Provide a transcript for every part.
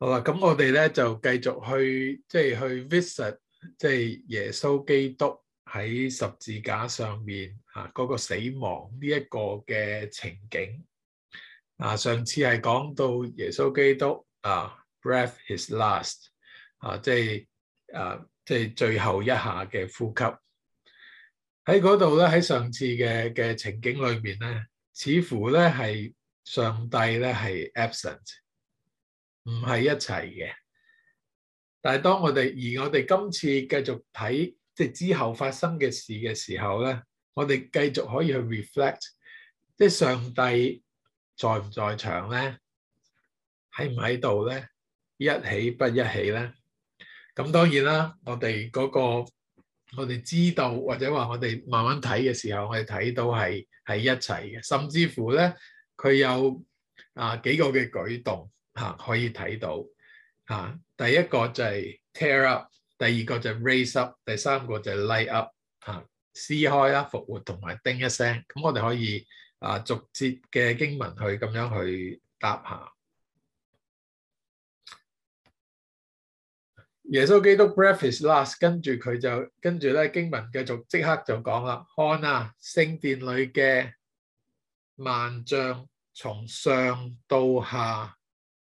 好啦，咁我哋咧就繼續去，即係去 visit，即係耶穌基督喺十字架上面吓，嗰個死亡呢一個嘅情景。啊，上次係講到耶穌基督啊，breath his last，啊，即係啊，即係最後一下嘅呼吸。喺嗰度咧，喺上次嘅嘅情景裏面咧，似乎咧係上帝咧係 absent。唔係一齊嘅。但係當我哋而我哋今次繼續睇，即係之後發生嘅事嘅時候咧，我哋繼續可以去 reflect，即係上帝在唔在場咧？喺唔喺度咧？一起不一起咧？咁當然啦，我哋嗰個，我哋知道，或者話我哋慢慢睇嘅時候，我哋睇到係喺一齊嘅，甚至乎咧佢有啊幾個嘅舉動。嚇，可以睇到嚇，第一個就係 tear up，第二個就係 raise up，第三個就係 light up 嚇，撕開啦、復活同埋叮一聲，咁、嗯、我哋可以啊逐節嘅經文去咁樣去答下。耶穌基督 breathed his last，跟住佢就跟住咧經文繼續即刻就講啦，看啊聖殿裏嘅萬象從上到下。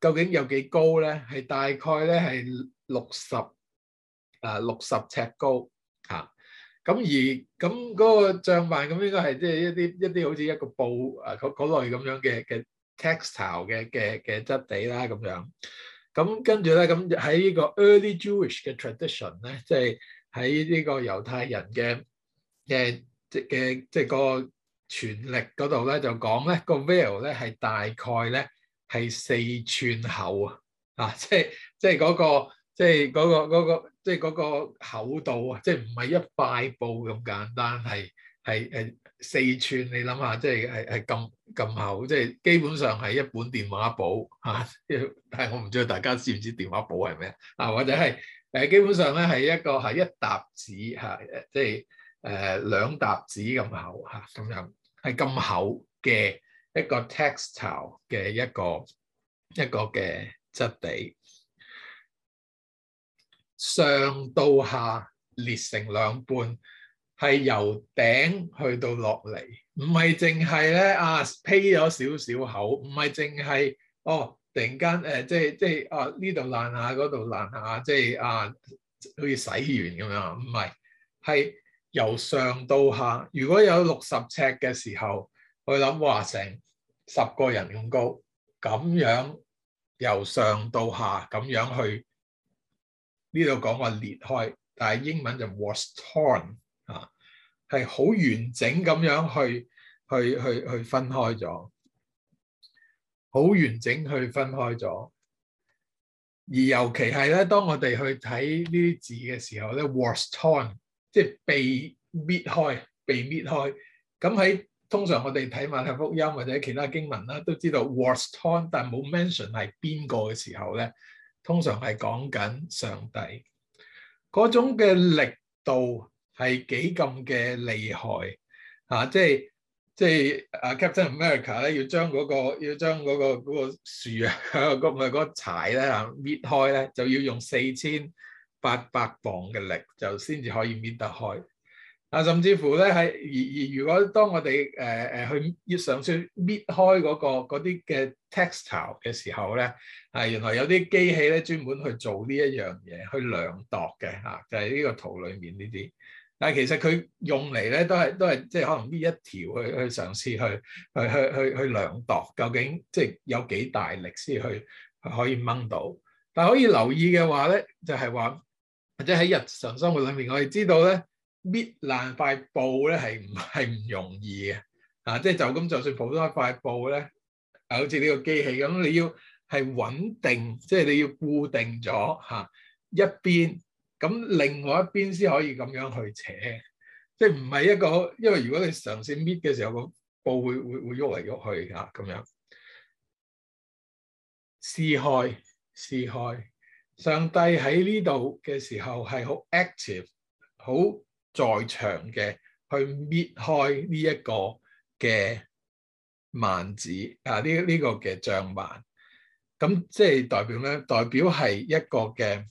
究竟有幾高咧？係大概咧係六十啊，六十尺高嚇。咁、啊、而咁嗰、啊嗰個帳幔咁應該係即係一啲一啲好似一個布啊嗰類咁樣嘅嘅 textile 嘅嘅嘅質地啦咁樣。咁、啊、跟住咧咁喺呢、啊、個 early Jewish 嘅 tradition 咧，即係喺呢個猶太人嘅嘅嘅即係個權力嗰度咧就講咧、嗰個 veil 咧係大概咧。係四寸厚啊！啊，即係即係嗰個，即係嗰個嗰個，即係個厚度啊！即係唔係一塊布咁簡單，係係係四寸。你諗下，即係係係咁咁厚，即係基本上係一本電話簿啊！但係我唔知道大家知唔知電話簿係咩啊？或者係誒基本上咧係一個係一沓紙嚇，即係誒、啊、兩沓紙咁厚嚇，咁樣係咁厚嘅。一個 textile 嘅一個一個嘅質地，上到下裂成兩半，係由頂去到落嚟，唔係淨係咧啊披咗少少口，唔係淨係哦突然間誒、呃、即係即係啊呢度爛下嗰度爛下，即係啊好似洗完咁樣，唔係係由上到下，如果有六十尺嘅時候。佢諗話成十個人咁高，咁樣由上到下咁樣去呢度講話裂開，但係英文就 was torn 啊，係好完整咁樣去去去去分開咗，好完整去分開咗。而尤其係咧，當我哋去睇呢啲字嘅時候咧，was torn，即係被搣開，被搣開，咁喺。通常我哋睇埋太福音或者其他經文啦、啊，都知道 w o r s torn，t 但係冇 mention 係邊個嘅時候咧？通常係講緊上帝嗰種嘅力度係幾咁嘅厲害嚇、啊，即係即係啊 Captain America 咧要將嗰、那個要將嗰、那個嗰樹啊嗰唔係嗰柴咧搣開咧，就要用四千八百磅嘅力就先至可以搣得開。啊，甚至乎咧喺而而如果當我哋誒誒去嘗試搣開嗰個嗰啲嘅 textile 嘅時候咧，係原來有啲機器咧專門去做呢一樣嘢，去量度嘅嚇，就係呢個圖裡面呢啲。但係其實佢用嚟咧都係都係即係可能搣一條去去嘗試去去去去量度，究竟即係有幾大力先去可以掹到。但係可以留意嘅話咧，就係話或者喺日常生活裡面，我哋知道咧。搣爛塊布咧係唔係唔容易嘅啊！即係就咁，就算普通一塊布咧，好似呢個機器咁，你要係穩定，即係你要固定咗吓一邊，咁另外一邊先可以咁樣去扯，即係唔係一個。因為如果你嘗試搣嘅時候，個布會會會喐嚟喐去吓咁樣撕開撕開。上帝喺呢度嘅時候係好 active，好。在場嘅去搣開呢一個嘅盲子啊，呢、這、呢個嘅障漫，咁、這個、即係代表咧，代表係一個嘅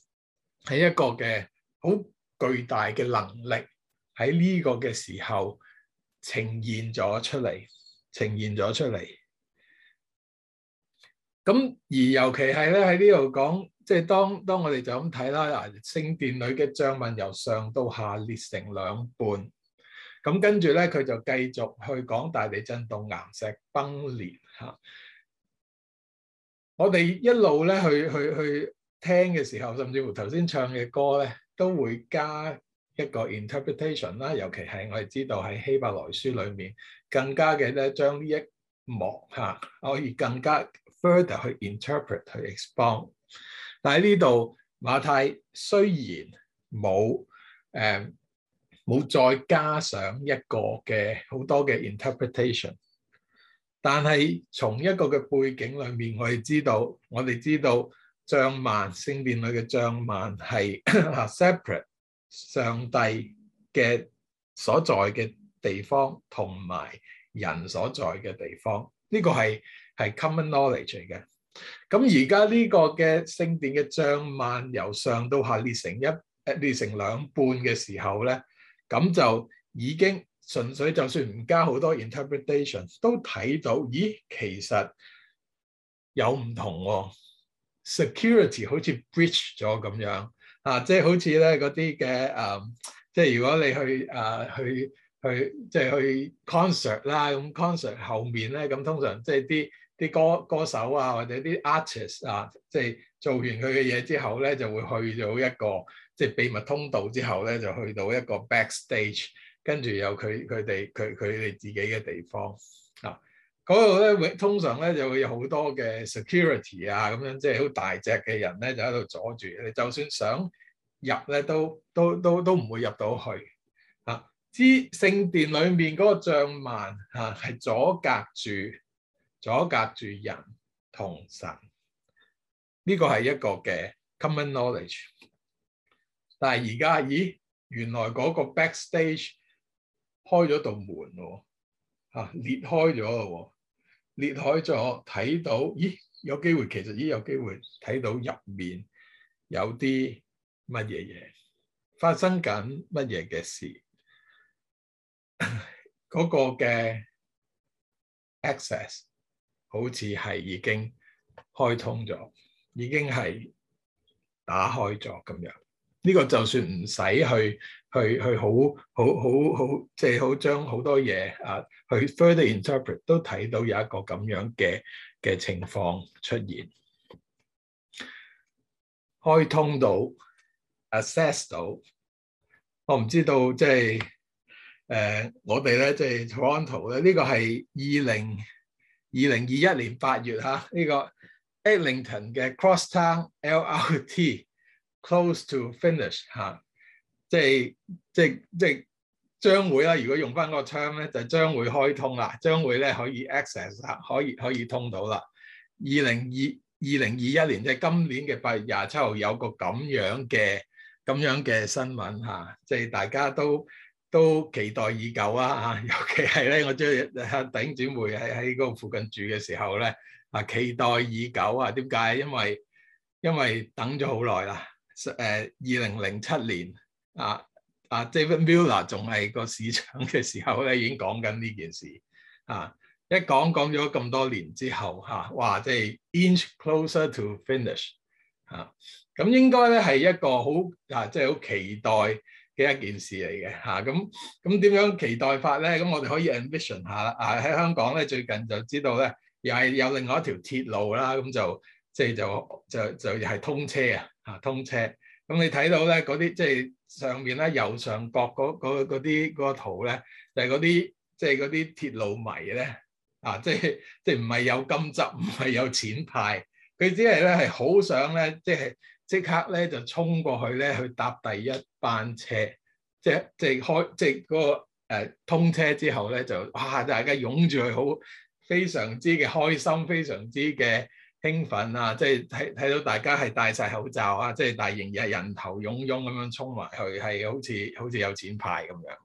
係一個嘅好巨大嘅能力喺呢個嘅時候呈現咗出嚟，呈現咗出嚟。咁而尤其係咧喺呢度講。即係當當我哋就咁睇啦，聖殿裏嘅帳幔由上到下裂成兩半，咁跟住咧佢就繼續去講大地震動、岩石崩裂嚇、啊。我哋一路咧去去去聽嘅時候，甚至乎頭先唱嘅歌咧，都會加一個 interpretation 啦。尤其係我哋知道喺希伯來書裏面更加嘅咧，將呢一幕嚇、啊、可以更加 further 去 interpret 去 expand。但喺呢度，馬太雖然冇誒冇再加上一個嘅好多嘅 interpretation，但係從一個嘅背景裏面，我哋知道，我哋知道帳幔聖殿裏嘅帳幔係 separate 上帝嘅所在嘅地方，同埋人所在嘅地方，呢個係係 common knowledge 嚟嘅。咁而家呢個嘅聖殿嘅帳幔由上到下裂成一誒、裂成兩半嘅時候咧，咁就已經純粹就算唔加好多 interpretation 都睇到，咦，其實有唔同、哦、security 好似 breach 咗咁樣啊，即係好似咧嗰啲嘅誒，即係如果你去誒、啊、去去即係、就是、去 concert 啦，咁 concert 後面咧，咁通常即係啲。啲歌歌手啊，或者啲 artist 啊，即係做完佢嘅嘢之後咧，就會去到一個即係秘密通道之後咧，就去到一個 backstage，跟住有佢佢哋佢佢哋自己嘅地方啊。嗰度咧通常咧就會有好多嘅 security 啊，咁樣即係好大隻嘅人咧就喺度阻住你，就算想入咧都都都都唔會入到去啊。知聖殿裏面嗰個帳幔啊，係阻隔住。阻隔住人同神，呢、這個係一個嘅 common knowledge。但係而家，咦？原來嗰個 backstage 開咗道門咯，吓裂開咗咯，裂開咗，睇到，咦？有機會，其實已經有機會睇到入面有啲乜嘢嘢發生緊，乜嘢嘅事，嗰 個嘅 access。好似係已經開通咗，已經係打開咗咁樣。呢個就算唔使去去去好好好好，即係好將好多嘢啊去 further interpret，都睇到有一個咁樣嘅嘅情況出現，開通到 assess 到。我唔知道即係誒我哋咧即係 Toronto 咧，呢個係二零。二零二一年八月嚇，呢、啊這個 Eglinton 嘅 CrossTown LRT close to finish 嚇、啊，即係即係即係將會啦。如果用翻嗰個 term 咧，就將會開通啦，將會咧可以 access 啦，可以可以通到啦。二零二二零二一年即係、就是、今年嘅八月廿七號有個咁樣嘅咁樣嘅新聞嚇，即、啊、係、就是、大家都。都期待已久啊！尤其係咧，我將阿頂姊妹喺喺嗰個附近住嘅時候咧，啊期待已久啊！點解？因為因為等咗好耐啦。誒，二零零七年啊，阿、啊、David Miller 仲係個市長嘅時候咧，已經講緊呢件事啊。一講講咗咁多年之後，嚇、啊、哇，即、就、係、是、inch closer to finish 嚇、啊。咁應該咧係一個好啊，即係好期待。呢一件事嚟嘅嚇，咁咁點樣期待法咧？咁我哋可以 envision 下啦。啊，喺香港咧，最近就知道咧，又係有另外一條鐵路啦。咁、啊、就即係就就就又係通車啊！啊，通車。咁你睇到咧嗰啲即係上面咧右上角嗰啲嗰個圖咧，就係嗰啲即係嗰啲鐵路迷咧啊！即係即係唔係有金執唔係有錢派，佢只係咧係好想咧即係。即係即刻咧就衝過去咧去搭第一班車，即係即係開即係、那、嗰個、呃、通車之後咧就哇大家擁住佢，好非常之嘅開心，非常之嘅興奮啊！即係睇睇到大家係戴晒口罩啊！即係大型然人頭湧湧咁樣衝埋去，係好似好似有錢派咁樣。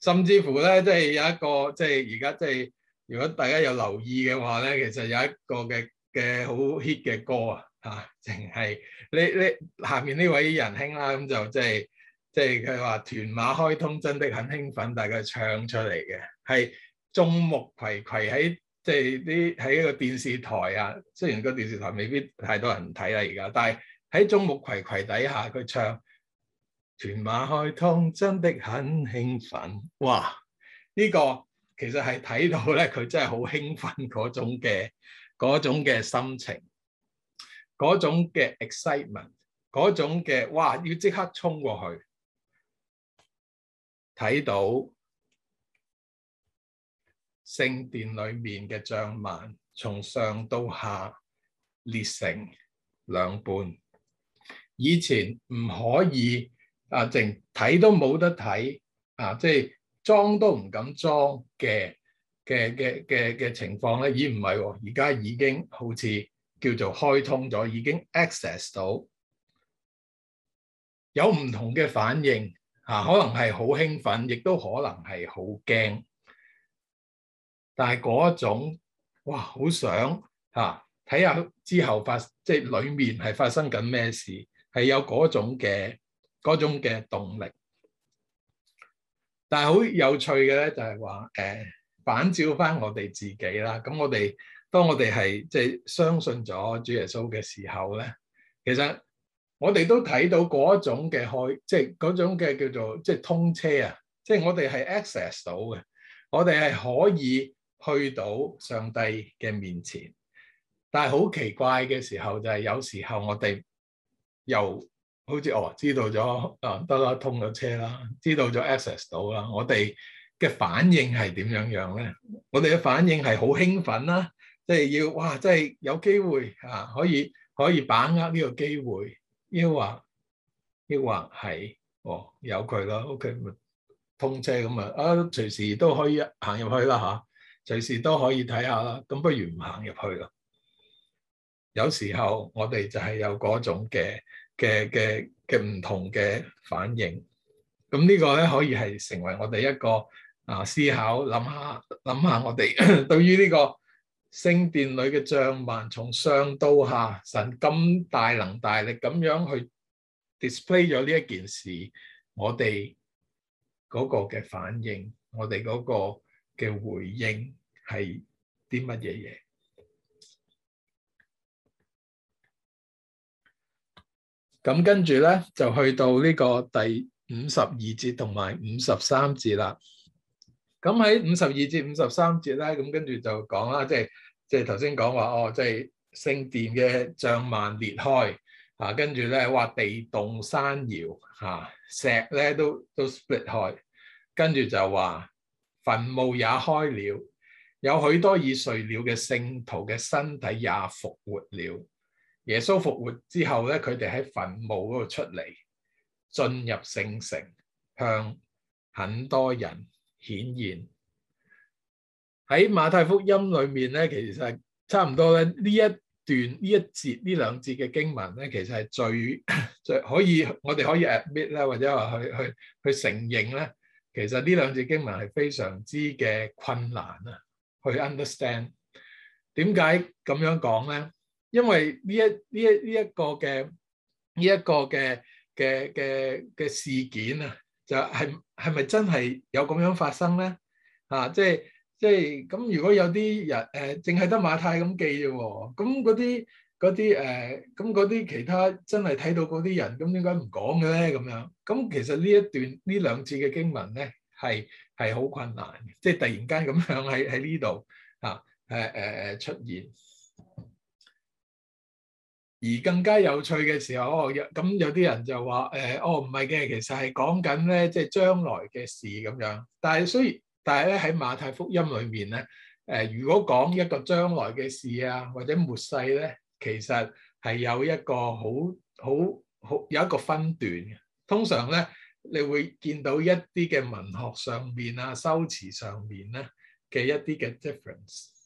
甚至乎咧，即係有一個即係而家即係如果大家有留意嘅話咧，其實有一個嘅嘅好 hit 嘅歌啊！啊，淨係呢、呢下面呢位仁兄啦，咁就即係即係佢話屯馬開通真的很興奮，但係佢唱出嚟嘅係眾目睽睽喺即係呢喺一個電視台啊，雖然個電視台未必太多人睇啦，而家，但係喺眾目睽睽底下佢唱屯馬開通真的很興奮，哇！呢個其實係睇到咧，佢真係好興奮嗰種嘅嗰種嘅心情。嗰種嘅 excitement，嗰種嘅哇，要即刻衝過去睇到聖殿裏面嘅帳幔從上到下裂成兩半。以前唔可以啊，淨睇都冇得睇啊，即係裝都唔敢裝嘅嘅嘅嘅嘅情況咧，已經唔係喎，而家、哦、已經好似。叫做開通咗，已經 access 到，有唔同嘅反應嚇、啊，可能係好興奮，亦都可能係好驚。但係嗰種哇，好想嚇睇下之後發，即係裡面係發生緊咩事，係有嗰種嘅嗰種嘅動力。但係好有趣嘅咧，就係話誒反照翻我哋自己啦。咁我哋。當我哋係即係相信咗主耶穌嘅時候咧，其實我哋都睇到嗰種嘅開，即係嗰種嘅叫做即係通車啊！即係我哋係 access 到嘅，我哋係可以去到上帝嘅面前。但係好奇怪嘅時候就係，有時候我哋又好似哦，知道咗啊，得啦，通咗車啦，知道咗 access 到啦，我哋嘅反應係點樣樣咧？我哋嘅反應係好興奮啦！即係要哇！即係有機會嚇、啊，可以可以把握呢個機會。抑或抑或係哦，有佢啦。O、OK, K，通車咁啊！啊，隨時都可以行入去啦嚇、啊，隨時都可以睇下啦。咁不如唔行入去咯。有時候我哋就係有嗰種嘅嘅嘅嘅唔同嘅反應。咁呢個咧可以係成為我哋一個啊思考，諗下諗下我哋 對於呢、呢個。聖殿裏嘅帳幔從上到下，神咁大能大力咁樣去 display 咗呢一件事，我哋嗰個嘅反應，我哋嗰個嘅回應係啲乜嘢嘢？咁跟住咧就去到呢個第五十二節同埋五十三節啦。咁喺五十二至五十三節咧，咁跟住就講啦，即係即係頭先講話哦，即係聖殿嘅帳幔裂開，嚇、啊、跟住咧話地動山搖嚇、啊，石咧都都 split 開，跟住就話墳墓也開了，有許多已睡了嘅聖徒嘅身體也復活了。耶穌復活之後咧，佢哋喺墳墓嗰度出嚟，進入聖城，向很多人。顯然喺馬太福音裏面咧，其實差唔多咧呢一段呢一節呢兩節嘅經文咧，其實係最最可以我哋可以 admit 咧，或者話去去去承認咧，其實呢兩節經文係非常之嘅困難啊，去 understand 點解咁樣講咧？因為呢一呢一呢一個嘅呢一個嘅嘅嘅嘅事件啊。就係係咪真係有咁樣發生咧？啊，即係即係咁，如果有啲人誒，淨係得馬太咁記嘅喎，咁嗰啲嗰啲誒，咁嗰啲其他真係睇到嗰啲人，咁點解唔講嘅咧？咁樣，咁其實呢一段呢兩次嘅經文咧，係係好困難嘅，即係突然間咁樣喺喺呢度啊誒誒誒出現。而更加有趣嘅時候，哦，咁有啲人就話，誒、呃，哦唔係嘅，其實係講緊咧，即、就、係、是、將來嘅事咁樣。但係所以，但係咧喺馬太福音裏面咧，誒、呃，如果講一個將來嘅事啊，或者末世咧，其實係有一個好好好有一個分段嘅。通常咧，你會見到一啲嘅文學上面啊，修辭上面咧嘅一啲嘅 difference。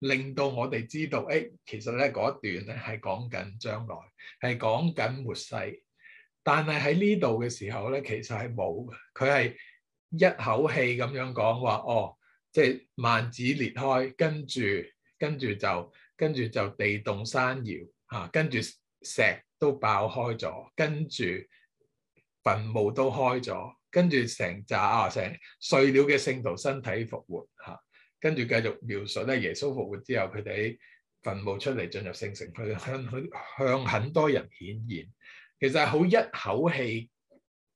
令到我哋知道，誒、欸，其實咧嗰一段咧係講緊將來，係講緊末世。但係喺呢度嘅時候咧，其實係冇嘅。佢係一口氣咁樣講話，哦，即係幔子裂開，跟住跟住就跟住就地動山搖，吓、啊，跟住石都爆開咗，跟住墳墓都開咗，跟住成紮啊成碎料嘅聖徒身體復活，吓、啊。跟住繼續描述咧，耶穌復活之後，佢哋喺墳墓出嚟，進入聖城，去向向很多人顯現。其實係好一口氣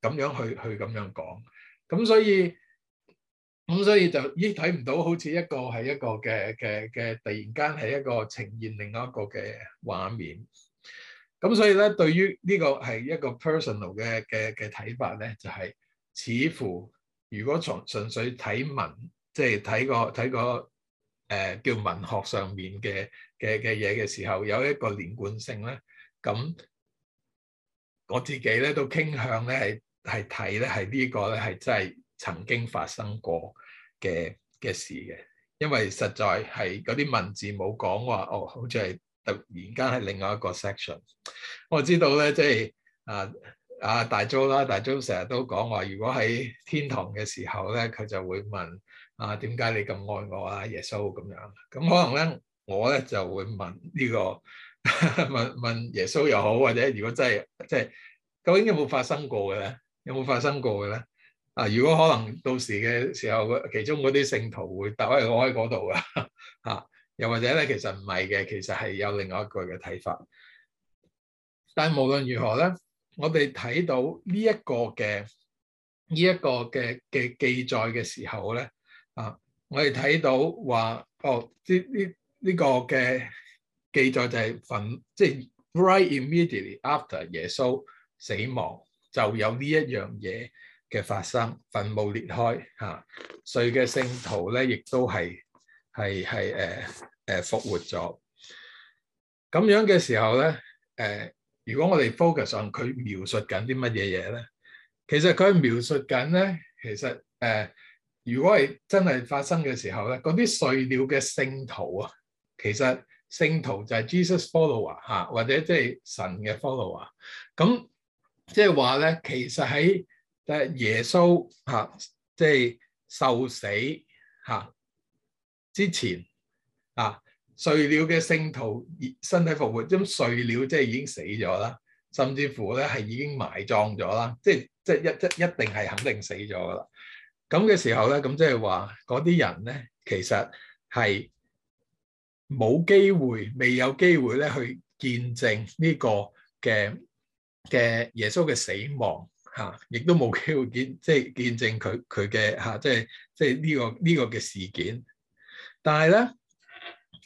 咁樣去去咁樣講，咁所以咁所以就咦睇唔到好似一個係一個嘅嘅嘅，突然間係一個呈現另外一個嘅畫面。咁所以咧，對於呢個係一個 personal 嘅嘅嘅睇法咧，就係似乎如果從純粹睇文。即係睇過睇過誒叫文學上面嘅嘅嘅嘢嘅時候，有一個連貫性咧。咁我自己咧都傾向咧係係睇咧係呢，呢個咧係真係曾經發生過嘅嘅事嘅，因為實在係嗰啲文字冇講話哦，好似係突然間係另外一個 section。我知道咧，即係啊啊大 jo 啦，大 jo 成日都講話，如果喺天堂嘅時候咧，佢就會問。啊！點解你咁愛我啊？耶穌咁樣咁、嗯、可能咧，我咧就會問呢、呢個 問問耶穌又好，或者如果真係即係究竟有冇發生過嘅咧？有冇發生過嘅咧？啊！如果可能到時嘅時候，其中嗰啲聖徒會搭喺我喺嗰度噶嚇，又、啊、或者咧其實唔係嘅，其實係有另外一個嘅睇法。但係無論如何咧，我哋睇到呢一個嘅呢一個嘅嘅記載嘅時候咧。我哋睇到話哦，呢呢呢個嘅記載就係墳，即係 right immediately after 耶穌死亡就有呢一樣嘢嘅發生，墳墓裂開吓，誰嘅聖徒咧，亦都係係係誒誒復活咗。咁樣嘅時候咧，誒，如果我哋 focus on 佢描述緊啲乜嘢嘢咧，其實佢描述緊咧，其實誒。如果係真係發生嘅時候咧，嗰啲碎了嘅聖徒啊，其實聖徒就係 Jesus follower 嚇，或者即係神嘅 follower。咁即係話咧，其實喺誒耶穌嚇，即係受死嚇之前啊，碎了嘅聖徒身體復活，咁碎了即係已經死咗啦，甚至乎咧係已經埋葬咗啦，即係即係一即一定係肯定死咗噶啦。咁嘅時候咧，咁即係話嗰啲人咧，其實係冇機會，未有機會咧去見證呢個嘅嘅耶穌嘅死亡嚇，亦都冇機會見，即係見證佢佢嘅嚇，即係即係呢個呢個嘅事件。但係咧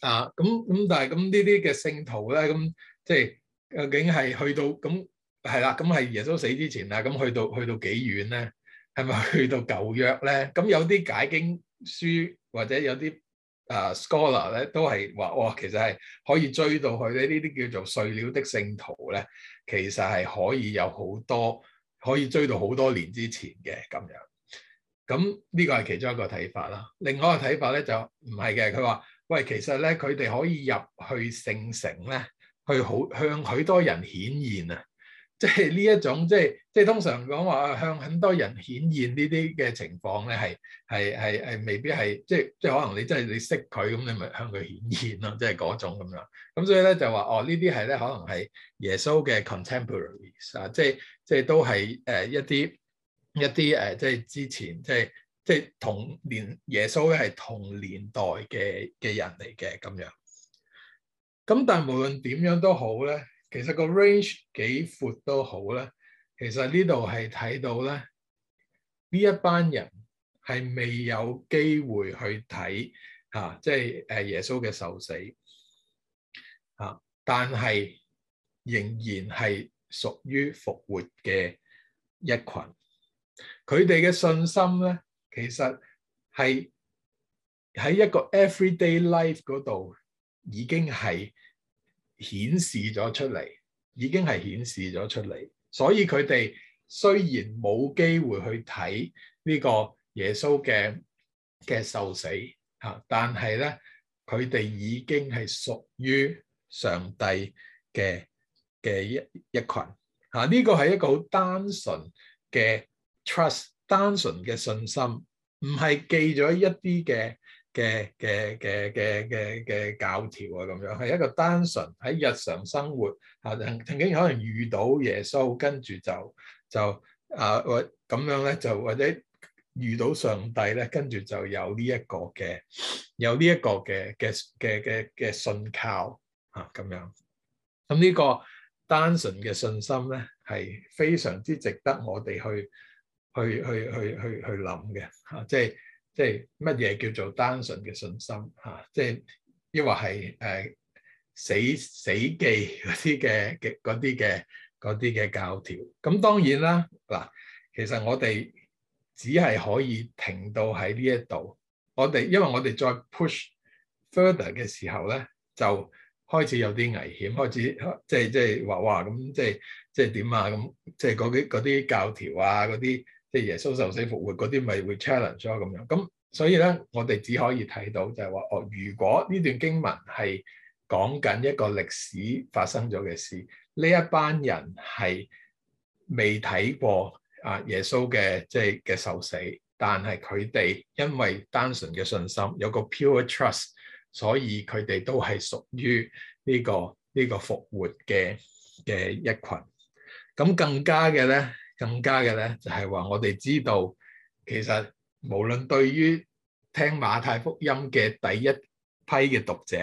啊，咁咁，但係咁呢啲嘅聖徒咧，咁即係究竟係去到咁係啦，咁係耶穌死之前啊，咁去到去到幾遠咧？係咪去到舊約咧？咁有啲解經書或者有啲啊 scholar 咧，都係話：哇，其實係可以追到佢咧。呢啲叫做碎料的聖徒咧，其實係可以有好多可以追到好多年之前嘅咁樣。咁呢個係其中一個睇法啦。另外一個睇法咧就唔係嘅。佢話：喂，其實咧佢哋可以入去聖城咧，去好向許多人顯現啊！即係呢一種，即係即係通常講話向很多人顯現呢啲嘅情況咧，係係係係未必係，即係即係可能你真係你識佢咁，你咪向佢顯現咯，即係嗰種咁樣。咁所以咧就話哦，呢啲係咧可能係耶穌嘅 contemporaries 啊，即係即係都係誒一啲一啲誒，即係之前即係即係同年耶穌咧係同年代嘅嘅人嚟嘅咁樣。咁但係無論點樣都好咧。其實個 range 幾闊都好啦。其實呢度係睇到咧，呢一班人係未有機會去睇嚇、啊，即係誒耶穌嘅受死嚇、啊，但係仍然係屬於復活嘅一群。佢哋嘅信心咧，其實係喺一個 everyday life 嗰度已經係。顯示咗出嚟，已經係顯示咗出嚟。所以佢哋雖然冇機會去睇呢個耶穌嘅嘅受死嚇，但係咧佢哋已經係屬於上帝嘅嘅一一群嚇。呢個係一個好單純嘅 trust，單純嘅信心，唔係記咗一啲嘅。嘅嘅嘅嘅嘅嘅教條啊，咁樣係一個單純喺日常生活啊，曾經可能遇到耶穌，跟住就就啊或咁樣咧，就、啊、呢就或者遇到上帝咧，跟住就有呢一個嘅有呢一個嘅嘅嘅嘅嘅信靠啊，咁樣咁呢、啊呢個單純嘅信心咧，係非常之值得我哋去去去去去去諗嘅、啊，即係。即係乜嘢叫做單純嘅信心嚇、啊？即係抑或係誒死死記嗰啲嘅嘅嗰啲嘅嗰啲嘅教條咁，當然啦嗱、啊，其實我哋只係可以停到喺呢一度。我哋因為我哋再 push further 嘅時候咧，就開始有啲危險，開始即係即係話話咁，即係即係點啊咁，即係嗰啲嗰啲教條啊嗰啲。耶穌受死復活嗰啲咪會 challenge 咗咁樣，咁所以咧，我哋只可以睇到就係話哦，如果呢段經文係講緊一個歷史發生咗嘅事，呢一班人係未睇過啊耶穌嘅即係嘅受死，但係佢哋因為單純嘅信心有個 pure trust，所以佢哋都係屬於呢個呢個復活嘅嘅一群，咁更加嘅咧。更加嘅咧，就係話我哋知道，其實無論對於聽馬太福音嘅第一批嘅讀者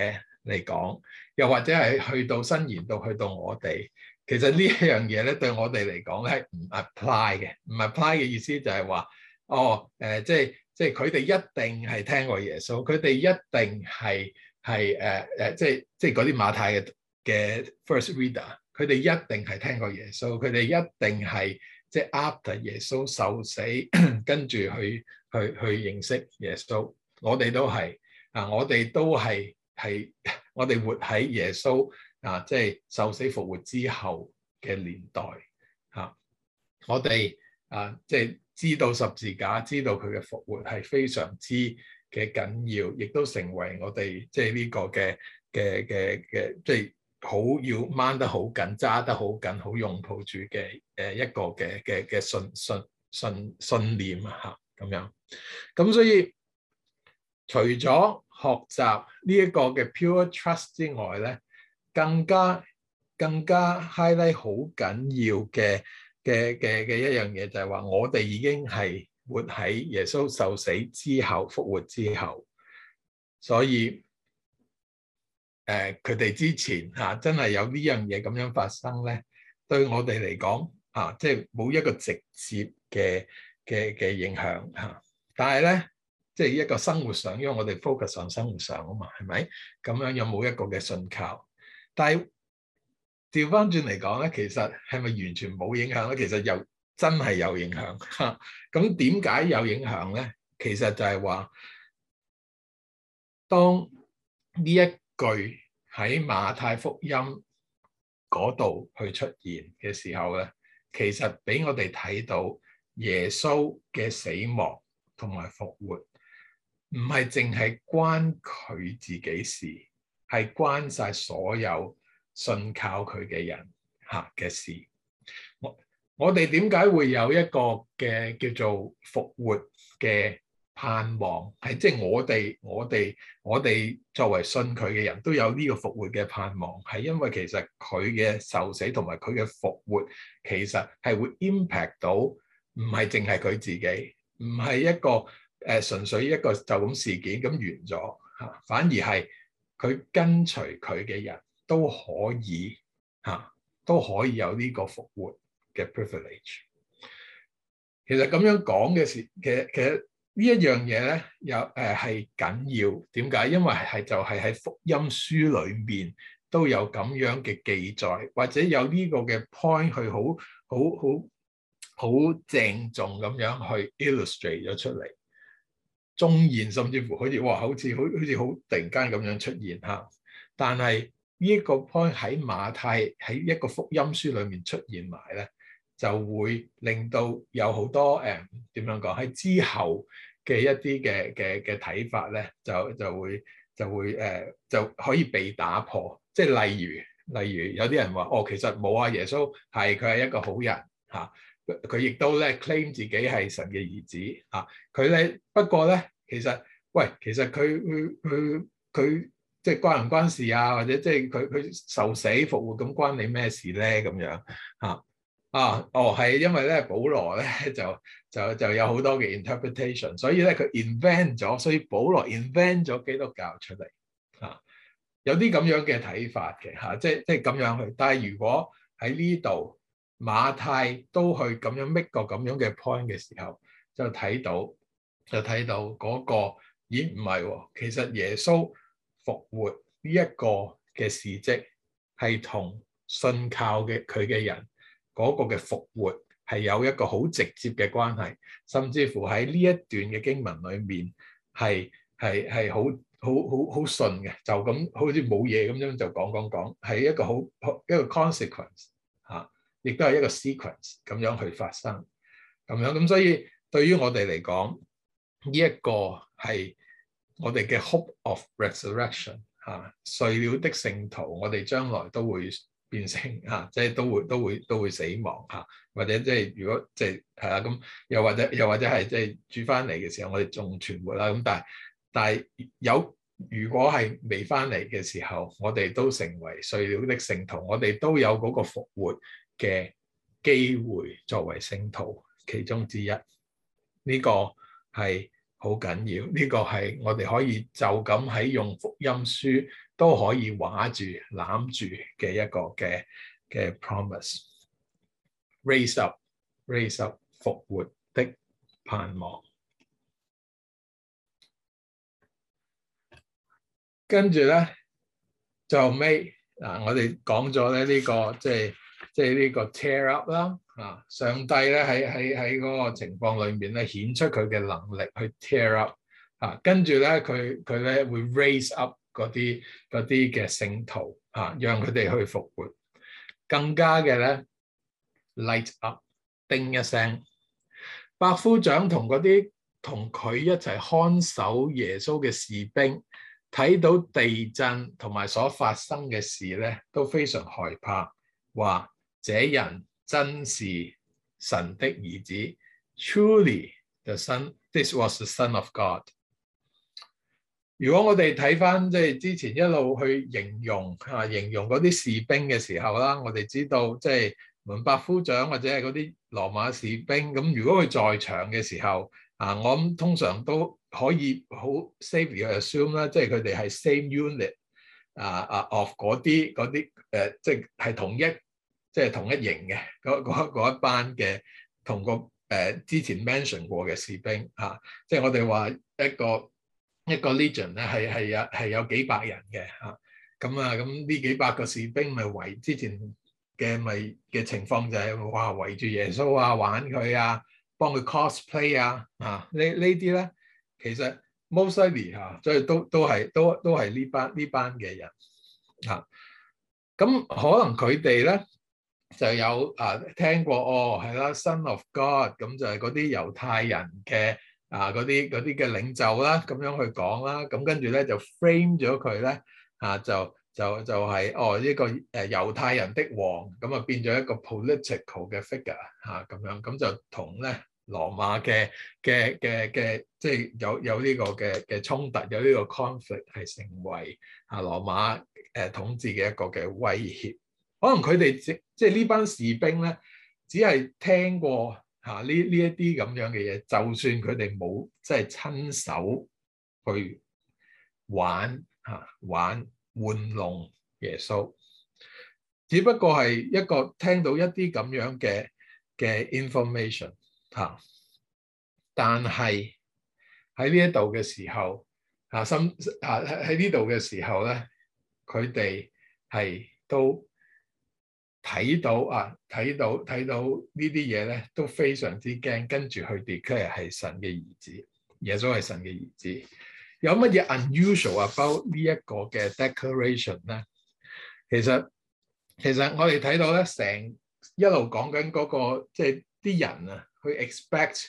嚟講，又或者係去到伸延到去到我哋，其實呢一樣嘢咧，對我哋嚟講係唔 apply 嘅。唔 apply 嘅意思就係話，哦，誒、呃，即係即係佢哋一定係聽過耶穌，佢哋一定係係誒誒，即係即係嗰啲馬太嘅嘅 first reader，佢哋一定係聽過耶穌，佢哋一定係。即係 after 耶穌受死， 跟住去去去認識耶穌。我哋都係啊，我哋都係係我哋活喺耶穌啊，即係受死復活之後嘅年代啊。我哋啊，即係知道十字架，知道佢嘅復活係非常之嘅緊要，亦都成為我哋即係呢個嘅嘅嘅嘅，即係。好要掹得好緊，揸得好緊，好擁抱住嘅誒一個嘅嘅嘅信信信信念嚇咁樣。咁所以除咗學習呢一個嘅 pure trust 之外咧，更加更加 highlight 好緊要嘅嘅嘅嘅一樣嘢就係話，我哋已經係活喺耶穌受死之後復活之後，所以。誒，佢哋、呃、之前吓、啊、真係有呢樣嘢咁樣發生咧，對我哋嚟講吓，即係冇一個直接嘅嘅嘅影響吓、啊。但係咧，即係一個生活上，因為我哋 focus 上生活上啊嘛，係咪？咁樣有冇一個嘅信靠？但係調返轉嚟講咧，其實係咪完全冇影響咧？其實又真係有影響吓。咁點解有影響咧？其實就係話當呢一句喺馬太福音嗰度去出現嘅時候咧，其實俾我哋睇到耶穌嘅死亡同埋復活，唔係淨係關佢自己事，係關晒所有信靠佢嘅人吓嘅事。我我哋點解會有一個嘅叫做復活嘅？盼望係即係我哋，我哋，我哋作為信佢嘅人都有呢個復活嘅盼望，係因為其實佢嘅受死同埋佢嘅復活，其實，係會 impact 到，唔係淨係佢自己，唔係一個誒呃純粹一個就咁事件咁完咗嚇，反而係佢跟隨佢嘅人都可以吓、啊、都可以有呢個復活嘅 privilege。其實咁樣講嘅事，其實。其實。呢一樣嘢咧，有誒係緊要。點解？因為係就係喺福音書裏面都有咁樣嘅記載，或者有呢個嘅 point 去好好好好鄭重咁樣去 illustrate 咗出嚟。縱然甚至乎好似哇，好似好好似好突然間咁樣出現嚇。但係呢個 point 喺馬太喺一個福音書裏面出現埋咧。就會令到有好多誒點樣講喺之後嘅一啲嘅嘅嘅睇法咧，就就會就會誒就可以被打破，即係例如例如有啲人話哦，其實冇啊，耶穌係佢係一個好人嚇，佢、啊、亦都咧 claim 自己係神嘅兒子嚇，佢、啊、咧不過咧其實喂，其實佢佢佢佢即係關唔關事啊？或者即係佢佢受死復活咁關你咩事咧？咁樣嚇。啊啊，哦，係，因為咧，保羅咧就就就有好多嘅 interpretation，所以咧佢 invent 咗，所以保羅 invent 咗基督教出嚟。嚇、啊，有啲咁樣嘅睇法嘅嚇、啊，即即係咁樣去。但係如果喺呢度馬太都去咁樣 make 個咁樣嘅 point 嘅時候，就睇到就睇到嗰個咦唔係喎，其實耶穌復活呢一個嘅事蹟係同信靠嘅佢嘅人。嗰個嘅復活係有一個好直接嘅關係，甚至乎喺呢一段嘅經文裏面係係係好好好好順嘅，就咁好似冇嘢咁樣就講講講，係一個好好一個 consequence 嚇、啊，亦都係一個 sequence 咁樣去發生咁樣。咁所以對於我哋嚟講，呢、這、一個係我哋嘅 hope of resurrection 嚇、啊，睡了的聖徒，我哋將來都會。完成嚇、啊，即係都會都會都會死亡嚇、啊，或者即係如果即係係啊咁，又或者又或者係即係主翻嚟嘅時候，我哋仲存活啦。咁但係但係有，如果係未翻嚟嘅時候，我哋都成為睡了的聖徒，我哋都有嗰個復活嘅機會作為聖徒其中之一。呢、這個係好緊要，呢、這個係我哋可以就咁喺用福音書。都可以畫住攬住嘅一個嘅嘅 promise，raise up，raise up，復活的盼望。跟住咧就尾嗱，我哋講咗咧呢個即係即係呢個 tear up 啦啊！上帝咧喺喺喺嗰個情況裏面咧顯出佢嘅能力去 tear up 啊！跟住咧佢佢咧會 raise up。嗰啲啲嘅聖徒啊，讓佢哋去復活，更加嘅咧 light up，叮一聲，百夫長同嗰啲同佢一齊看守耶穌嘅士兵，睇到地震同埋所發生嘅事咧，都非常害怕，話：這人真是神的兒子，truly the son，this was the son of God。如果我哋睇翻即係之前一路去形容啊，形容嗰啲士兵嘅時候啦，我哋知道即係文伯夫長或者係嗰啲羅馬士兵，咁如果佢在場嘅時候啊，我諗通常都可以好 safely assume 啦，即係佢哋係 same unit 啊啊，of 嗰啲嗰啲誒，即係系統一即係同一型嘅嗰一班嘅，同個誒之前 mention 過嘅士兵啊，即係我哋話一個。一個 Legion 咧係係有係有幾百人嘅嚇，咁啊咁呢幾百個士兵咪圍之前嘅咪嘅情況就係、是、哇圍住耶穌啊玩佢啊，幫佢 cosplay 啊啊呢呢啲咧其實 mostly 嚇、啊，所以都都係都都係呢班呢班嘅人嚇，咁、啊、可能佢哋咧就有啊聽過哦係啦，Son of God 咁就係嗰啲猶太人嘅。啊！嗰啲啲嘅領袖啦，咁樣去講啦，咁跟住咧就 frame 咗佢咧，嚇、啊、就就就係、是、哦呢個誒猶太人的王，咁啊變咗一個 political 嘅 figure 嚇、啊、咁樣，咁就同咧羅馬嘅嘅嘅嘅，即係有有呢個嘅嘅衝突，有呢個 conflict 係成為嚇、啊、羅馬誒、啊、統治嘅一個嘅威脅。可能佢哋即即係呢班士兵咧，只係聽過。嚇！呢呢、啊、一啲咁樣嘅嘢，就算佢哋冇即係親手去玩嚇、啊、玩玩弄耶穌，只不過係一個聽到一啲咁樣嘅嘅 information 嚇、啊。但係喺呢一度嘅時候，嚇心嚇喺呢度嘅時候咧，佢哋係都。睇到啊，睇到睇到呢啲嘢咧都非常之驚，跟住去 declare 係神嘅兒子，耶穌係神嘅兒子。有乜嘢 unusual about 呢一個嘅 declaration 咧？其實其實我哋睇到咧，成一路講緊嗰個即係啲人啊，去 expect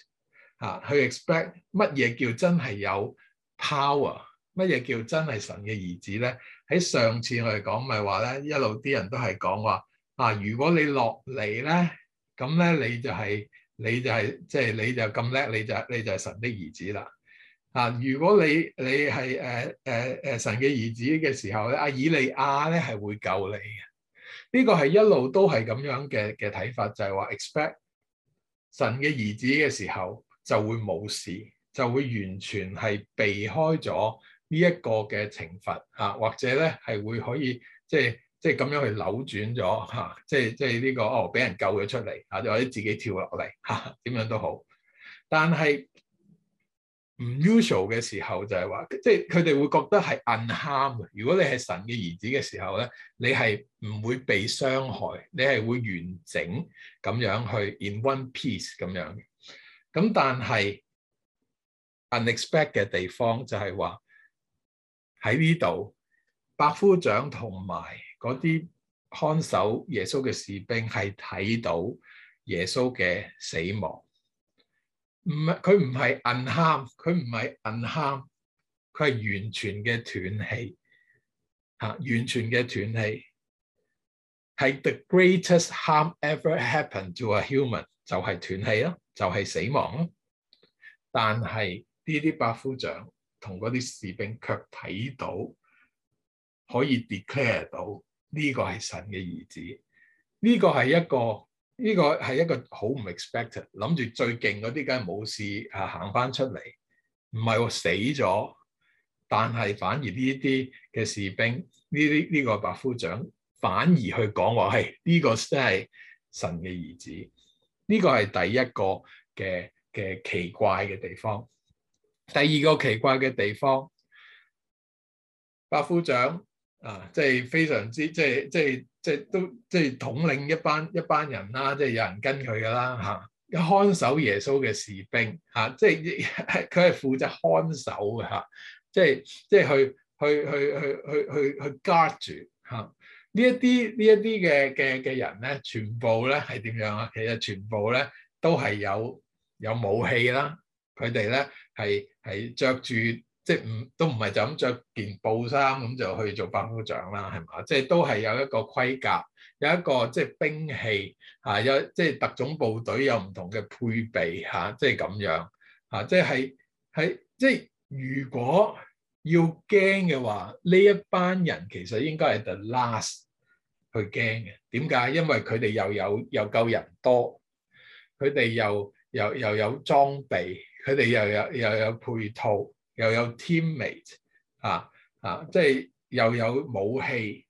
啊，去 expect 乜嘢叫真係有 power，乜嘢叫真係神嘅兒子咧？喺上次我哋講咪話咧，一路啲人都係講話。啊！如果你落嚟咧，咁咧你就係，你就係，即係你就咁叻，你就是就是、你就，你就，你就神的兒子啦。啊！如果你你係誒誒誒神嘅兒子嘅時候咧，阿、啊、以利亞咧係會救你嘅。呢、這個係一路都係咁樣嘅嘅睇法，就係、是、話 expect 神嘅兒子嘅時候就會冇事，就會完全係避開咗呢一個嘅懲罰啊，或者咧係會可以即係。就是即係咁樣去扭轉咗嚇，即係即係、這、呢個哦，俾人救咗出嚟嚇、啊，或者自己跳落嚟嚇，點、啊、樣都好。但係唔 usual 嘅時候就係話、就是，即係佢哋會覺得係 unharmed。如果你係神嘅兒子嘅時候咧，你係唔會被傷害，你係會完整咁樣去 in one piece 咁樣。咁但係 unexpected 嘅地方就係話喺呢度，百夫長同埋。嗰啲看守耶穌嘅士兵係睇到耶穌嘅死亡，唔係佢唔係銀喊，佢唔係銀喊，佢係完全嘅斷氣嚇，完全嘅斷氣係 the greatest harm ever happened to a human，就係斷氣咯，就係、是、死亡咯、啊。但係呢啲百夫長同嗰啲士兵卻睇到，可以 declare 到。呢個係神嘅兒子，呢個係一個，呢個係一個好唔 expect 嘅，諗住最勁嗰啲梗係冇事啊，行翻出嚟，唔係喎，死咗，但係反而呢啲嘅士兵，呢啲呢個百夫長反而去講，話係呢個真係神嘅兒子，呢個係第一個嘅嘅奇怪嘅地方。第二個奇怪嘅地方，百夫長。啊，即係非常之，即係即係即係都即係、就是、統領一班一班人啦，即、就、係、是、有人跟佢噶啦嚇，看守耶穌嘅士兵嚇，即係佢係負責看守嘅嚇，即係即係去去去去去去去 guard 住嚇。呢一啲呢一啲嘅嘅嘅人咧，全部咧係點樣啊？其實全部咧都係有有武器啦，佢哋咧係係著住。即係唔都唔係就咁着件布衫咁就去做百夫長啦，係嘛？即係都係有一個盔甲，有一個即係兵器嚇、啊，有即係特種部隊有唔同嘅配備嚇、啊，即係咁樣嚇、啊，即係係即係如果要驚嘅話，呢一班人其實應該係 the last 去驚嘅。點解？因為佢哋又有又夠人多，佢哋又又又有，有，有，有裝備，佢哋又有又有，有，有配套。又有 teammate 啊啊！即係又有武器。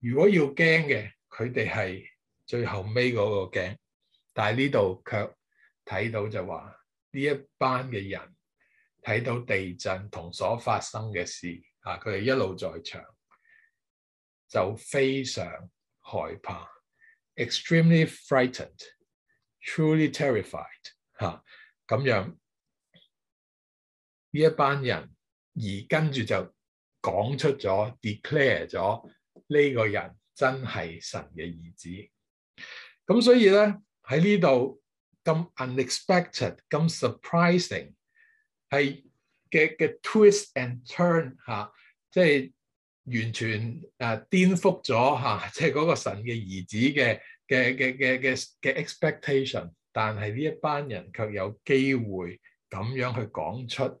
如果要驚嘅，佢哋係最後尾嗰個驚，但係呢度卻睇到就話呢一班嘅人睇到地震同所發生嘅事啊，佢哋一路在場就非常害怕，extremely frightened，truly terrified 嚇、啊、咁樣。呢一班人而跟住就講出咗 declare 咗呢、這個人真係神嘅兒子，咁所以咧喺呢度咁 unexpected 咁 surprising 係嘅嘅 twist and turn 吓、啊，即、就、係、是、完全誒顛覆咗吓，即係嗰個神嘅兒子嘅嘅嘅嘅嘅嘅 expectation，但係呢一班人卻有機會咁樣去講出。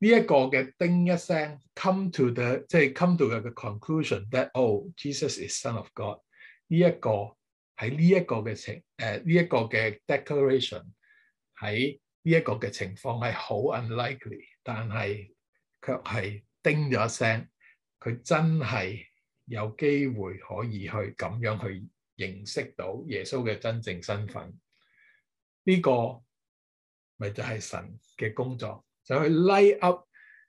呢一個嘅叮一聲，come to the 即係 come to the conclusion that oh Jesus is son of God。呢一個喺呢一個嘅情誒呢一個嘅 declaration 喺呢一個嘅情況係好 unlikely，但係卻係叮咗一聲，佢真係有機會可以去咁樣去認識到耶穌嘅真正身份。呢個咪就係神嘅工作。就去 light up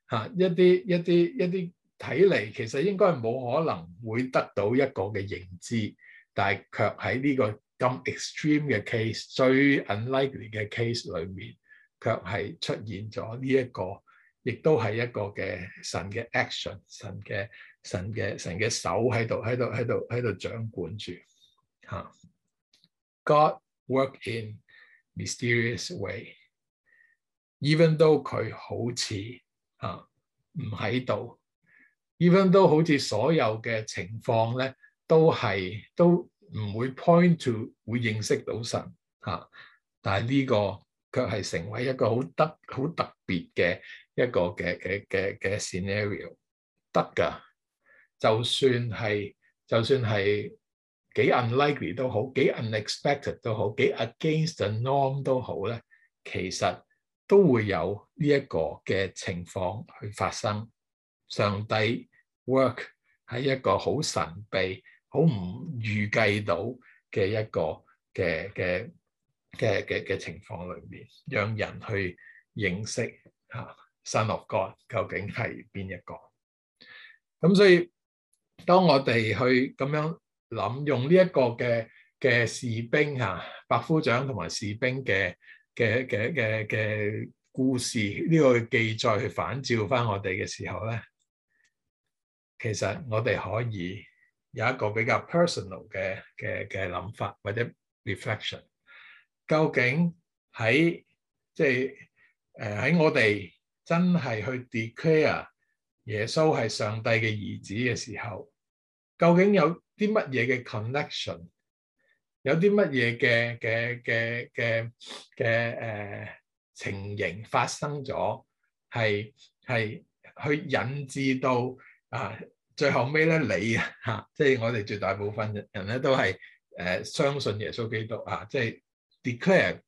嚇、啊、一啲一啲一啲睇嚟，其實應該冇可能會得到一個嘅認知，但係卻喺呢個咁 extreme 嘅 case，最 unlikely 嘅 case 裏面，卻係出現咗呢、這個、一個，亦都係一個嘅神嘅 action 神、神嘅神嘅神嘅手喺度喺度喺度喺度掌管住嚇、啊。God work in mysterious way。Even though 佢好似啊唔喺度，even though 好似所有嘅情況咧，都係都唔會 point to 會認識到神啊。但係呢個卻係成為一個好得好特別嘅一個嘅嘅嘅嘅 scenario，得㗎。就算係就算係幾 unlikely 都好，幾 unexpected 都好，幾 against the norm 都好咧，其實。都會有呢一個嘅情況去發生，上帝 work 喺一個好神秘、好唔預計到嘅一個嘅嘅嘅嘅嘅情況裏面，讓人去認識嚇新樂國究竟係邊一個。咁所以當我哋去咁樣諗，用呢一個嘅嘅士兵嚇百夫長同埋士兵嘅。嘅嘅嘅嘅故事呢、這個記載去反照翻我哋嘅時候咧，其實我哋可以有一個比較 personal 嘅嘅嘅諗法或者 reflection。究竟喺即係誒喺我哋真係去 declare 耶穌係上帝嘅兒子嘅時候，究竟有啲乜嘢嘅 connection？有啲乜嘢嘅嘅嘅嘅嘅誒情形發生咗，係係去引致到啊最後尾咧你吓，即係我哋絕大部分人咧、啊、都係誒相信耶穌基督啊，即係 declare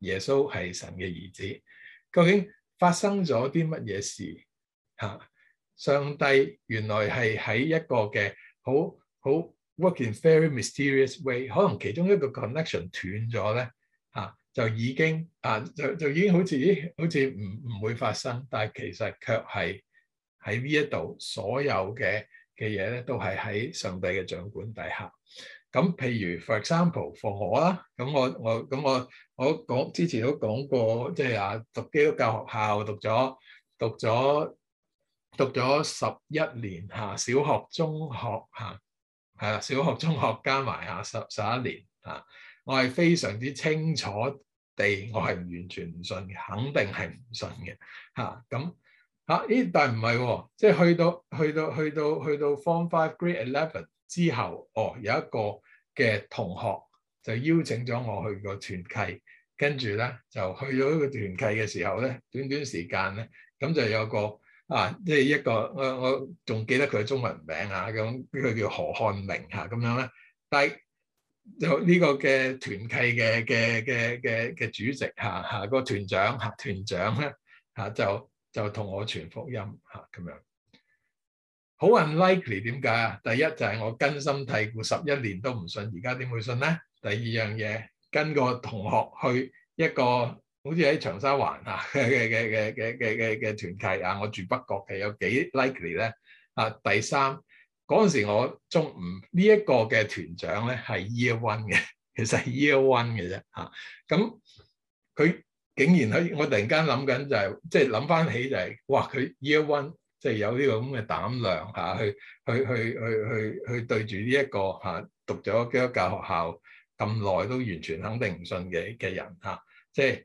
耶穌係神嘅兒子。究竟發生咗啲乜嘢事吓？上帝原來係喺一個嘅好好。好 work in very mysterious way，可能其中一個 connection 斷咗咧，嚇、啊、就已經啊就就已經好似咦好似唔唔會發生，但係其實卻係喺呢一度所有嘅嘅嘢咧都係喺上帝嘅掌管底下。咁譬如 for example 放學啦，咁我我咁我我講之前都講過，即係啊讀基督教學校讀咗讀咗讀咗十一年嚇，小學、中學嚇。啊係小學、中學加埋啊，十十一年啊，我係非常之清楚地，我係完全唔信嘅，肯定係唔信嘅嚇。咁嚇咦？但係唔係喎？即係去到去到去到去到 Form Five Grade Eleven 之後，哦，有一個嘅同學就邀請咗我去個團契，跟住咧就去咗一個團契嘅時候咧，短短時間咧，咁就有個。啊，即係一個我我仲記得佢嘅中文名啊，咁佢叫何漢明嚇咁樣咧。但係就呢個嘅團契嘅嘅嘅嘅嘅主席嚇嚇個團長嚇團長咧嚇就就同我傳福音嚇咁樣。好 unlikely，點解啊？第一就係我根深蒂固十一年都唔信，而家點會信咧？第二樣嘢跟個同學去一個。好似喺長沙環啊嘅嘅嘅嘅嘅嘅嘅團契啊，我住北角嘅，有幾 likely 咧？啊，第三，嗰陣時我仲唔呢一個嘅團長咧係 Year One 嘅，其實係 Year One 嘅啫嚇，咁佢竟然喺我突然間諗緊就係，即係諗翻起就係，哇！佢 Year One 即係有呢個咁嘅膽量嚇，去去去去去去對住呢一個嚇讀咗基督教學校咁耐都完全肯定唔信嘅嘅人嚇，即係。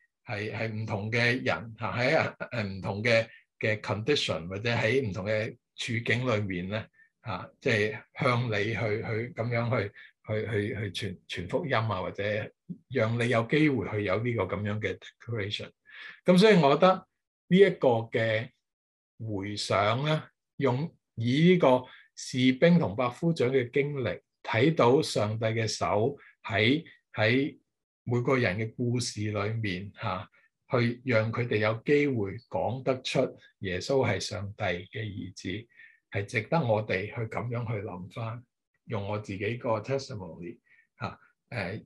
係係唔同嘅人，吓喺，誒唔同嘅嘅 condition，或者喺唔同嘅處境裏面咧，吓即係向你去去咁樣去去去去傳傳福音啊，或者讓你有機會去有呢個咁樣嘅 declaration。咁所以我覺得呢一個嘅回想咧，用以呢個士兵同百夫長嘅經歷，睇到上帝嘅手喺喺。每個人嘅故事裏面，嚇、啊，去讓佢哋有機會講得出耶穌係上帝嘅兒子，係值得我哋去咁樣去諗翻。用我自己個 testimony 嚇、啊，誒，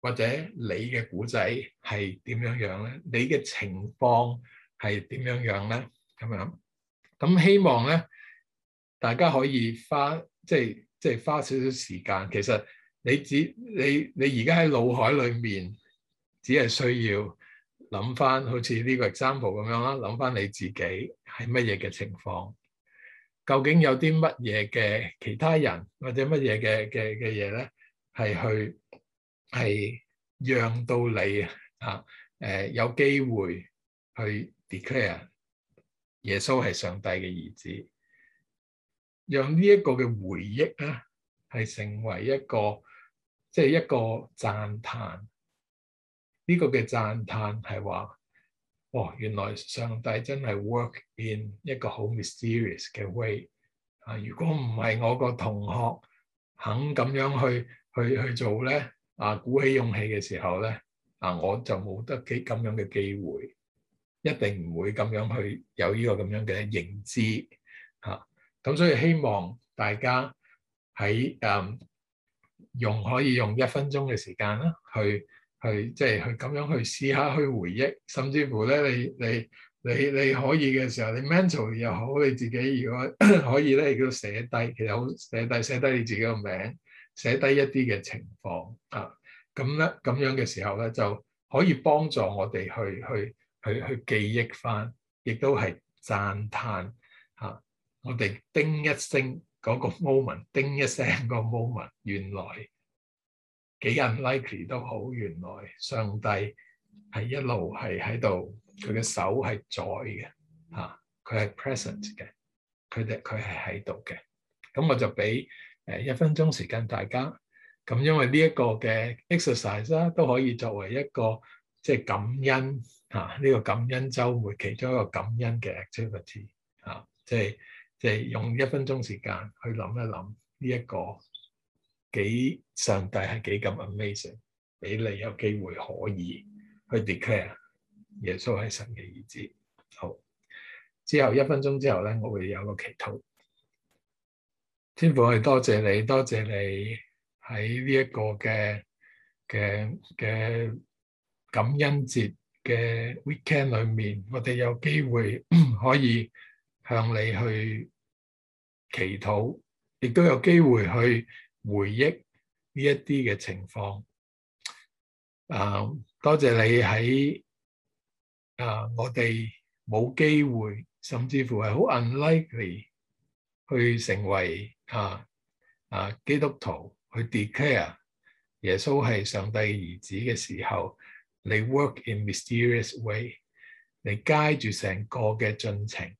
或者你嘅故仔係點樣樣咧？你嘅情況係點樣樣咧？咁樣，咁希望咧，大家可以花，即係即係花少少時間，其實。你只你你而家喺腦海裏面，只係需要諗翻好似呢個 example 咁樣啦，諗翻你自己係乜嘢嘅情況，究竟有啲乜嘢嘅其他人或者乜嘢嘅嘅嘅嘢咧，係去係讓到你啊誒、呃、有機會去 declare 耶穌係上帝嘅兒子，讓呢一個嘅回憶咧係成為一個。即係一個讚歎，呢個嘅讚歎係話：哦，原來上帝真係 work in 一個好 mysterious 嘅 way 啊！如果唔係我個同學肯咁樣去去去做咧，啊鼓起勇氣嘅時候咧，啊我就冇得幾咁樣嘅機會，一定唔會咁樣去有呢個咁樣嘅認知嚇。咁、啊、所以希望大家喺誒。Um, 用可以用一分鐘嘅時間啦，去去即係去咁樣去試下去回憶，甚至乎咧你你你你可以嘅時候，你 mental 又好，你自己如果 可以咧，亦都寫低，其實好寫低寫低你自己個名，寫低一啲嘅情況啊，咁咧咁樣嘅時候咧就可以幫助我哋去去去去記憶翻，亦都係讚歎嚇、啊、我哋叮一聲。嗰個 moment 叮一聲，個 moment 原來幾人 like 都好，原來上帝係一路係喺度，佢嘅手係在嘅嚇，佢係 present 嘅，佢哋佢係喺度嘅。咁我就俾誒一分鐘時間大家，咁因為呢一個嘅 exercise 啦，都可以作為一個即係感恩嚇，呢個感恩週末其中一個感恩嘅 activity 嚇，即係。即係用一分鐘時間去諗一諗呢一個幾上帝係幾咁 amazing，俾你有機會可以去 declare 耶穌係神嘅意志。好，之後一分鐘之後咧，我會有個祈禱。天父，我多謝你，多謝你喺呢一個嘅嘅嘅感恩節嘅 weekend 裏面，我哋有機會 可以。向你去祈禱，亦都有機會去回憶呢一啲嘅情況。啊、uh，多謝你喺啊，uh, 我哋冇機會，甚至乎係好 unlikely 去成為啊啊、uh, uh, 基督徒去 declare 耶穌係上帝兒子嘅時候，你 work in mysterious way，你 guide 住成個嘅進程。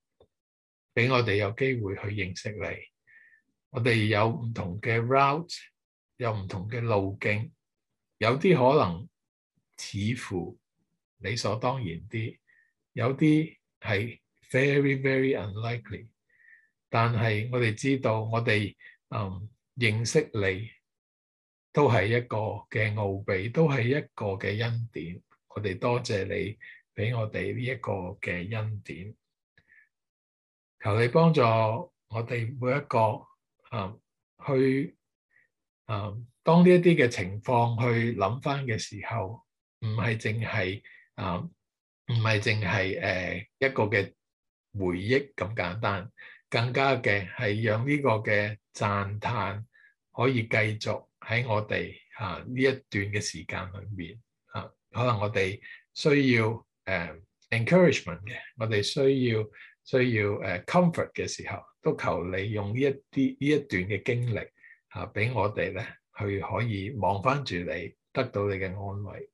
俾我哋有機會去認識你，我哋有唔同嘅 route，有唔同嘅路徑，有啲可能似乎理所當然啲，有啲係 very very unlikely，但係我哋知道我，我哋嗯認識你都係一個嘅奧秘，都係一個嘅恩典。我哋多謝你俾我哋呢一個嘅恩典。求你幫助我哋每一個啊，去啊，當呢一啲嘅情況去諗返嘅時候，唔係淨係啊，唔係淨係誒一個嘅回憶咁簡單，更加嘅係讓呢個嘅讚歎可以繼續喺我哋啊呢一段嘅時間裏面啊，可能我哋需要誒 encouragement 嘅，我哋需要。啊需要誒 comfort 嘅時候，都求你用呢一啲呢一段嘅經歷嚇，俾、啊、我哋咧去可以望翻住你，得到你嘅安慰。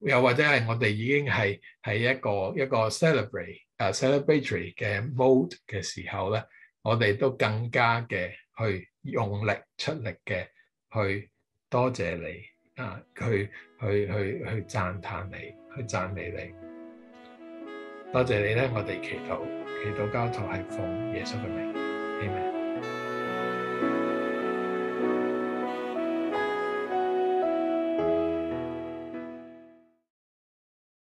又或者係我哋已經係係一個一個 celebrate 啊 celebratory 嘅 mood 嘅時候咧，我哋都更加嘅去用力出力嘅去多謝你啊，去去去去讚歎你，去讚美你。多謝你咧，我哋祈禱。祈禱交頭係奉耶穌嘅名，起名。